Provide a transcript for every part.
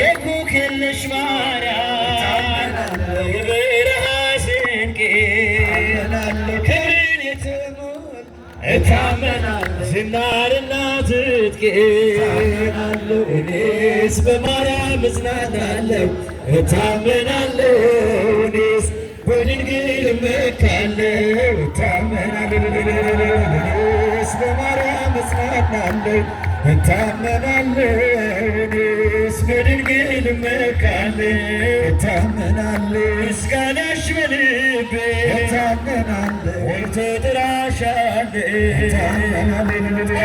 የኩክልሽ ማርያም የበረሃ ስንቄ ክብርን የትሙን እታመናል ዝናርና ትጥቄ እኔስ በማርያም እጽናናለሁ እታመናለሁ እኔስ በድንግል እመካለሁ እታመናለሁ እኔስ በማርያም እጽናናለሁ እታመናለሁ በድንግል እመካለሁ እታመናለሁ ምስጋናሽ በልቤ እታመናለሁ ወይቶ ጥራሻለሁ እታመናለሁ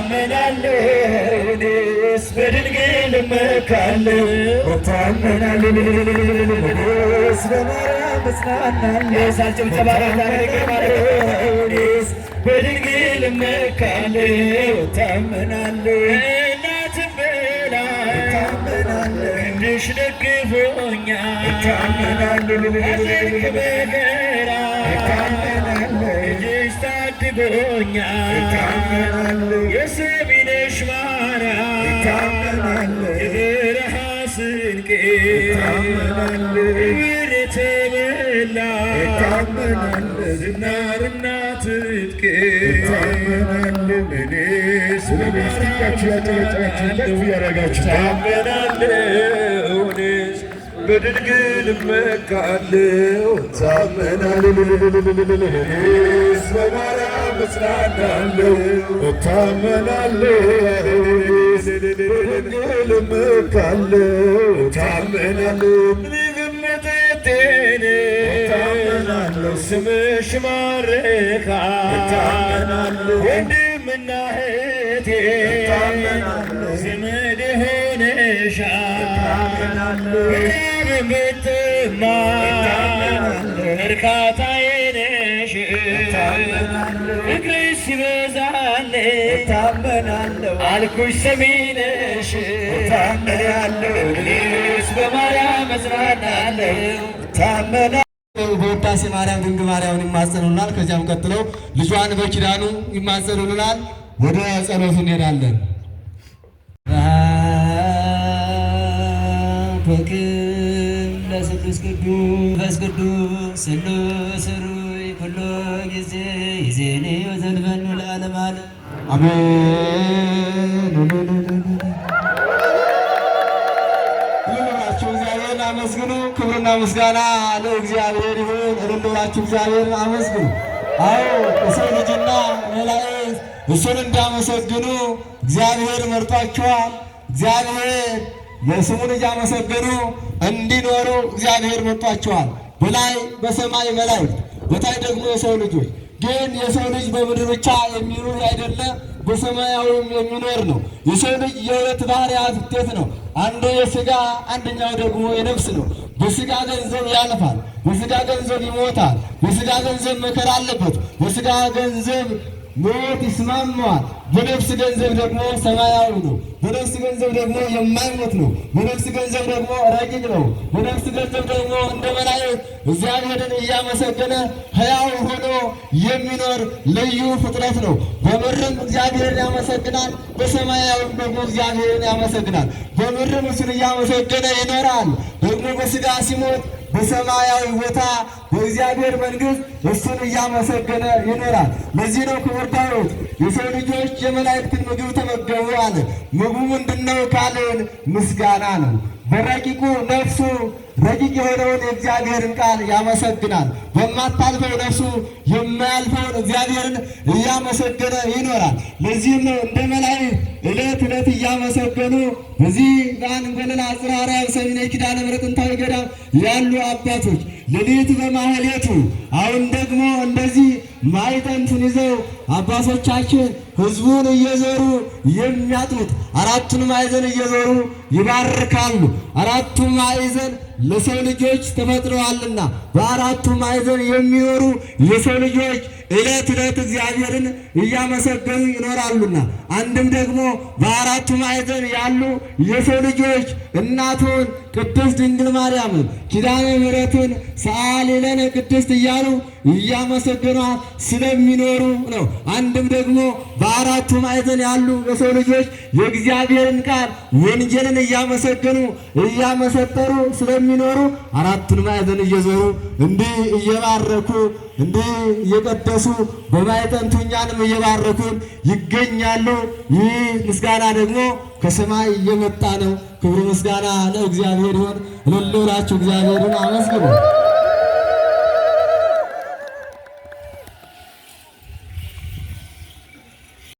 እታመናለሁ እኔስ በድንግል እመካለሁ እታመናለሁ በድንግል እመካለሁ እታመናለሁ በስልክ መከራ ልጅሽ ታድጎኛል የሰሚነሽ ማርያም የበረሃ ስንቄ ክብር የተመላ ዝናርና ትጥቄ እኔስ በማርያም እኔስ በድንግል እመካለሁ እታመናለሁ፣ በማርያም እጽናናለሁ እታመናለሁ፣ ስምሽ ማረካ ወንድምና እህቴ ምትማ እርካታዬ ነሽ ፍቅርሽ ሲበዛልኝ አልኩሽ ስሚ ነሽ በማርያም እጽናናለሁ። በውዳሴ ማርያም ድንግል ማርያምን ይማጸኑልናል። ከዚያም ቀጥለው ልጇን በኪዳኑ ይማጸኑልናል። ወደ ጸሎቱ እንሄዳለን። ወክል ለስሉስ ቅዱስ ቅዱስ ስሉስ ሩይ ኩሎ ጊዜ ይዜኔ ወዘልፈኑ ለዓለም አለ አሜን። እግዚአብሔርን አመስግኑ። ክብርና ምስጋና ለእግዚአብሔር ይሁን። እልሉላችሁ እግዚአብሔርን አመስግኑ። አዎ የሰው ልጅና መላእክት እሱን እንዳመሰግኑ እግዚአብሔር መርጧቸዋል። እግዚአብሔር የስሙን እያመሰገኑ እንዲኖሩ እግዚአብሔር መጥቷቸዋል። በላይ በሰማይ መላእክት፣ በታች ደግሞ የሰው ልጆች። ግን የሰው ልጅ በምድር ብቻ የሚኖር አይደለ፣ በሰማያዊም የሚኖር ነው። የሰው ልጅ የሁለት ባህርያት ውጤት ነው። አንዱ የስጋ አንደኛው ደግሞ የነፍስ ነው። በስጋ ገንዘብ ያልፋል፣ በስጋ ገንዘብ ይሞታል፣ በስጋ ገንዘብ መከራ አለበት፣ በስጋ ገንዘብ ሞት ይስማማል። በነፍስ ገንዘብ ደግሞ ሰማያዊ ነው። በነፍስ ገንዘብ ደግሞ የማይሞት ነው። በነፍስ ገንዘብ ደግሞ ረቂቅ ነው። በነፍስ ገንዘብ ደግሞ እንደ መላእክት እግዚአብሔርን እያመሰገነ ሕያው ሆኖ የሚኖር ልዩ ፍጥረት ነው። በምድርም እግዚአብሔርን ያመሰግናል፣ በሰማያዊም ደግሞ እግዚአብሔርን ያመሰግናል። በምድርም እሱን እያመሰገነ ይኖራል። ደግሞ በስጋ ሲሞት በሰማያዊ ቦታ በእግዚአብሔር መንግስት እሱን እያመሰገነ ይኖራል። ለዚህ ነው ክቡር ዳዊት የሰው ልጆች የመላእክትን ምግብ ተመገቡ አለ። ምግቡ ምንድነው ካልን ምስጋና ነው። በረቂቁ ነፍሱ ረቂቅ የሆነውን የእግዚአብሔርን ቃል ያመሰግናል። በማታልፈው ነፍሱ የማያልፈውን እግዚአብሔርን እያመሰገነ ይኖራል። ለዚህም ነው እንደ መላእክት እለት እለት እያመሰገኑ በዚህ በአንጎለል አጽራራ ሰሚነ ኪዳነ ምሕረት ጥንታዊ ገዳም ያሉ አባቶች ሌሊት በማህሌቱ አሁን ደግሞ እንደዚህ ማይጠንትን ይዘው አባቶቻችን ህዝቡን እየዞሩ የሚያጥኑት አራቱን ማዕዘን እየዞሩ ይባርካሉ። አራቱ ማዕዘን ለሰው ልጆች ተፈጥረዋልና በአራቱ ማዕዘን የሚኖሩ የሰው ልጆች እለት እለት እግዚአብሔርን እያመሰገኑ ይኖራሉና አንድም ደግሞ በአራቱ ማዕዘን ያሉ የሰው ልጆች እናቱን ቅድስት ድንግል ማርያም ኪዳነ ምሕረቱን ሰአሊለነ ቅድስት እያሉ እያመሰገኗት ስለሚኖሩ ነው። አንድም ደግሞ በአራቱ ማዕዘን ያሉ የሰው ልጆች የእግዚአብሔርን ቃል ወንጌልን እያመሰገኑ እያመሰጠሩ ስለሚኖሩ አራቱን ማዕዘን እየዞሩ እንዲህ እየባረኩ እንዲህ እየቀደሱ በማዕጠንቱ እኛንም እየባረኩን ይገኛሉ። ይህ ምስጋና ደግሞ ከሰማይ እየመጣ ነው። ክብር ምስጋና ለእግዚአብሔር ይሁን። ልልብላችሁ እግዚአብሔርን አመስግኑ።